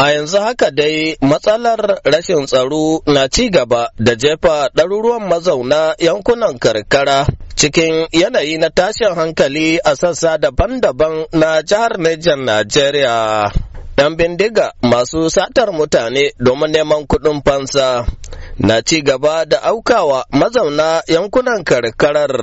A yanzu haka dai matsalar rashin tsaro na ci gaba da jefa ɗaruruwan mazauna yankunan karkara cikin yanayi na tashin hankali a sassa daban-daban na jihar Nijar Najeriya. ‘Yan bindiga masu satar mutane domin neman kuɗin fansa na ci gaba da aukawa mazauna yankunan karkarar.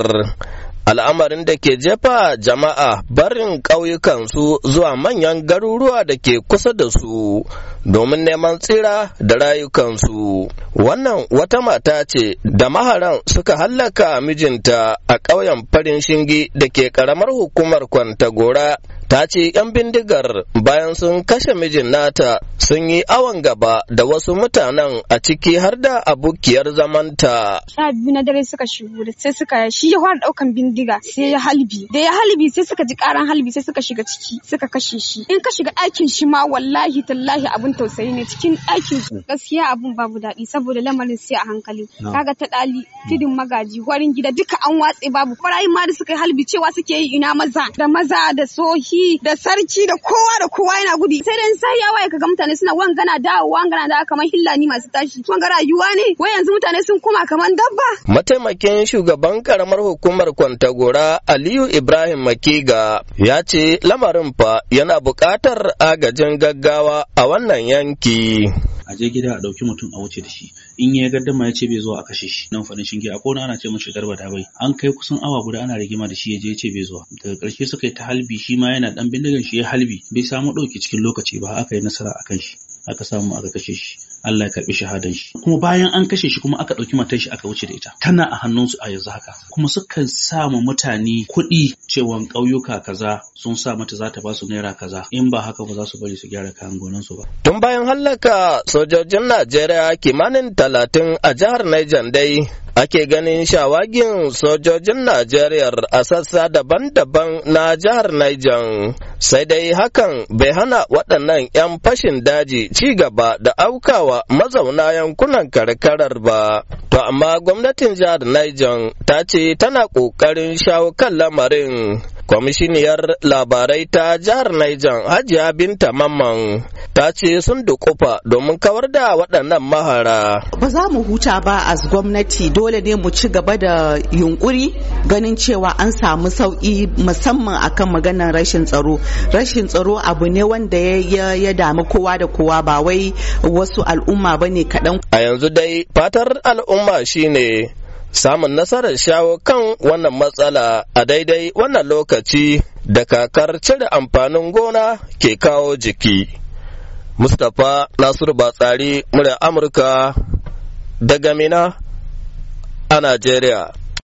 al'amarin da ke jefa jama'a barin ƙauyukansu zuwa manyan garuruwa da ke kusa da su domin neman tsira da rayukansu. Wannan wata mata ce da maharan suka hallaka mijinta a ƙauyen farin shingi da ke ƙaramar hukumar Kwantagora ta ce 'yan bindigar bayan sun kashe mijin nata sun yi awon gaba da wasu mutanen a ciki har da abokiyar zamanta. Sha biyu na dare suka shigo da sai suka shi ya fara daukan bindiga sai ya halbi da ya halbi sai suka ji karan halbi sai suka shiga ciki suka kashe shi in ka shiga ɗakin shi ma wallahi tallahi abun tausayi ne cikin ɗakin gaskiya abun babu daɗi saboda lamarin sai a hankali kaga ta ɗali tudun magaji warin gida duka an watse babu barayin ma da suka yi halbi cewa suke yi ina maza da maza da sohi sarki da sarki da kowa da kowa yana gudu sai dan sai ya waye kaga mutane suna wangana dawo na da kamar hillani masu tashi wanga rayuwa ne wai yanzu mutane sun koma kamar dabba mataimakin shugaban karamar hukumar kwantagora Aliyu Ibrahim Makiga ya ce lamarin fa yana buƙatar agajin gaggawa a wannan yanki a je gida a ɗauki mutum a wuce da shi in ya gaddama ya ce bai zuwa a kashe shi nan faɗin shinge a kona ana ce mashi garba da bai an kai kusan awa guda ana rigima da shi ya je ce bai zuwa daga ƙarshe suka yi ta halbi shi ma yana ɗan bindigan shi ya halbi bai samu ɗauki cikin lokaci ba aka yi nasara akan shi aka samu aka kashe shi Allah ya karbi shahadan shi kuma bayan an kashe shi kuma aka ɗauki matar shi aka wuce da ita tana a hannunsu a yanzu haka kuma suka sa ma mutane kuɗi cewan ƙauyuka kaza sun sa mata za ta ba su naira kaza in ba haka ba za su bari su gyara kayan su ba tun bayan hallaka sojojin Najeriya kimanin talatin a jihar Niger dai ake ganin shawagin sojojin Najeriya a sassa daban-daban na jihar Niger. Sai dai hakan bai hana waɗannan 'yan fashin daji ci gaba da aukawa mazauna yankunan karkarar ba. To amma gwamnatin jihar Niger ta ce tana ƙoƙarin shawo kan lamarin. Kwamishiniyar labarai ta jihar Niger Hajiya Binta Mamman ta ce sun dukufa domin kawar da waɗannan mahara. Ba za mu huta ba a gwamnati dole ne mu ci gaba da yunkuri ganin cewa an samu sauƙi musamman akan maganar rashin tsaro. Rashin tsaro abu ne wanda ya dami kowa da kowa ba wai wasu al'umma ba ne kaɗan. A yanzu dai fatar al'umma shine samun nasarar shawo kan wannan matsala a daidai wannan lokaci da kakar cire amfanin gona ke kawo jiki. Mustapha Nasiru Batsari, murya Amurka daga Mina a Najeriya.